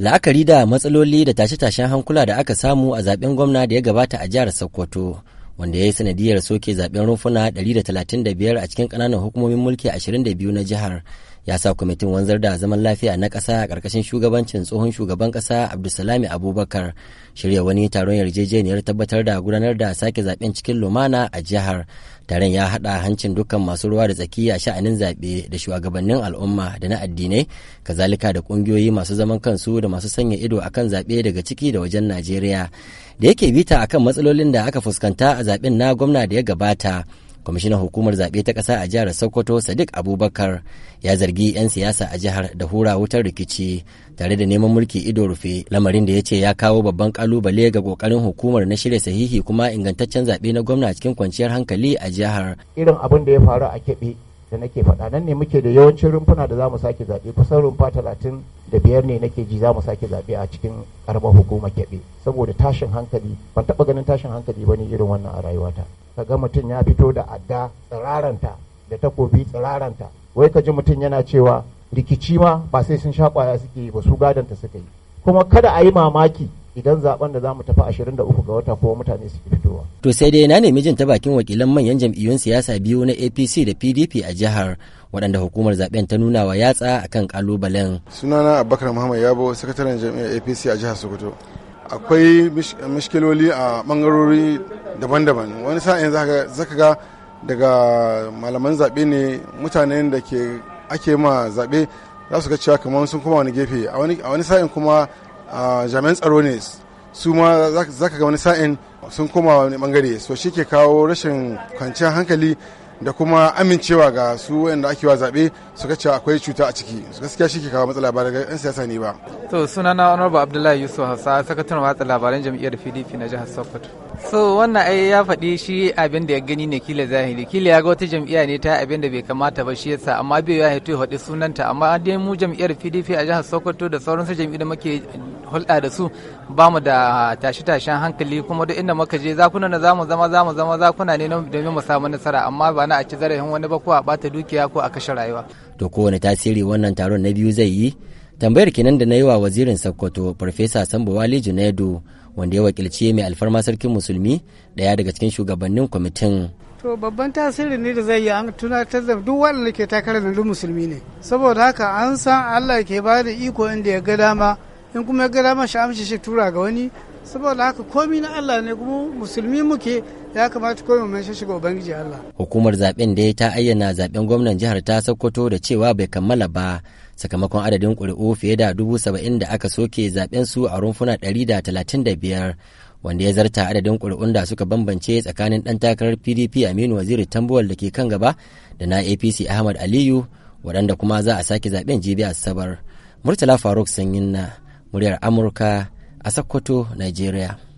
la'akari da matsaloli da tashe-tashen hankula da aka samu a zaben gwamna da ya gabata a jihar sokoto wanda ya yi sanadiyar soke zaben rumfuna 135 a cikin ƙananan hukumomin mulki 22 na jihar ya sa kwamitin wanzar da zaman lafiya na ƙasa a ƙarƙashin shugabancin tsohon shugaban ƙasa abdulsalami abubakar shirya wani taron yarjejeniyar tabbatar da gudanar da sake zaben cikin lumana a jihar taron ya haɗa hancin dukkan masu ruwa da tsaki a sha'anin zaɓe da shugabannin al'umma da na addinai kazalika da ƙungiyoyi masu zaman kansu da masu sanya ido akan zaɓe daga ciki da wajen najeriya da yake bita akan matsalolin da aka fuskanta a zaɓen na gwamna da ya gabata kwamishinan hukumar zaɓe ta ƙasa a jihar sokoto sadiq abubakar ya zargi 'yan siyasa a jihar da hura wutar rikici tare da neman mulki ido rufe lamarin da ya ce ya kawo babban kalubale ga kokarin hukumar na shirya sahihi kuma ingantaccen zaɓe na gwamna cikin kwanciyar hankali a jihar irin abin da ya faru a keɓe da nake faɗa nan ne muke da yawancin rumfuna da za mu sake zaɓe kusan rumfa talatin da biyar ne nake ji za mu sake zaɓe a cikin ƙaramar hukumar keɓe saboda tashin hankali ban taɓa ganin tashin hankali ba ne irin wannan a rayuwata ka ga mutum ya fito da adda tsiraranta da takobi tsiraranta wai ka ji mutum yana cewa rikici ma ba sai sun sha kwaya suke yi ba su gadanta suka yi kuma kada a yi mamaki idan zaben da za mu tafi 23 ga wata kuma mutane su fitowa. To sai dai na nemi jin ta bakin wakilan manyan jam'iyyun siyasa biyu na APC da PDP a jihar waɗanda hukumar zaben ta nuna wa yatsa akan kalubalen. Sunana Abubakar Muhammad Yabo sakataren jam'iyyar APC a jihar Sokoto. akwai mishkiloli a bangarori daban-daban wani sa'in zaka ga daga malaman zaɓe ne mutanen da ke ake ma zaɓe za su ga cewa kamar sun kuma wani gefe a wani sa'in kuma jami'an tsaro ne su ma za ka ga wani sa'in sun koma wani bangare so shi ke kawo rashin kwanciyar hankali da kuma amincewa ga su wanda ake wa zaɓe su ga cewa akwai cuta a ciki su gaskiya shi ke kawo matsala ba daga 'yan siyasa ne ba. to sunana honorable abdullahi yusuf hausa sakataren watsa labaran jam'iyyar pdp na jihar sokoto. so wannan ai ya faɗi shi abin da ya gani ne kila zahiri kila ya ga wata jam'iyya ne ta abin da bai kamata ba shi yasa amma bai ya haito ya faɗi sunanta amma dai mu jam'iyyar pdp a jihar sokoto da sauran su jam'iyyar da muke hulɗa da su ba mu da tashi-tashen hankali kuma duk inda muka je zakuna na zamu zama zamu zama zakuna ne domin mu samu nasara amma ba na a ci zarafin wani ba ko a bata dukiya ko a kashe rayuwa. To kowane tasiri wannan taron na biyu zai yi tambayar kenan da na yi wa wazirin Sokoto Farfesa Sambo Wali Junaidu wanda ya wakilci mai alfarma sarkin musulmi daya daga cikin shugabannin kwamitin. to babban tasiri ne da zai yi an tunatar da duk wanda ke takarar da musulmi ne saboda haka an san Allah ke bada iko inda ya ga dama in kuma ya ga dama shi amshi shi tura ga wani saboda haka komi na Allah ne kuma musulmi muke ya kamata komi mun shi shiga ubangiji Allah hukumar zaben da ta ayyana zaben gwamnan jihar ta Sokoto da cewa bai kammala ba sakamakon adadin ƙuri'u fiye da dubu saba'in da aka soke zaben su a rumfuna ɗari da talatin da biyar wanda ya zarta adadin ƙuri'un da suka bambance tsakanin ɗan takarar pdp aminu waziri tambuwal da ke kan gaba da na apc ahmad aliyu waɗanda kuma za a sake zaben jibi asabar murtala faruk sanyin na muryar amurka a sokoto nigeria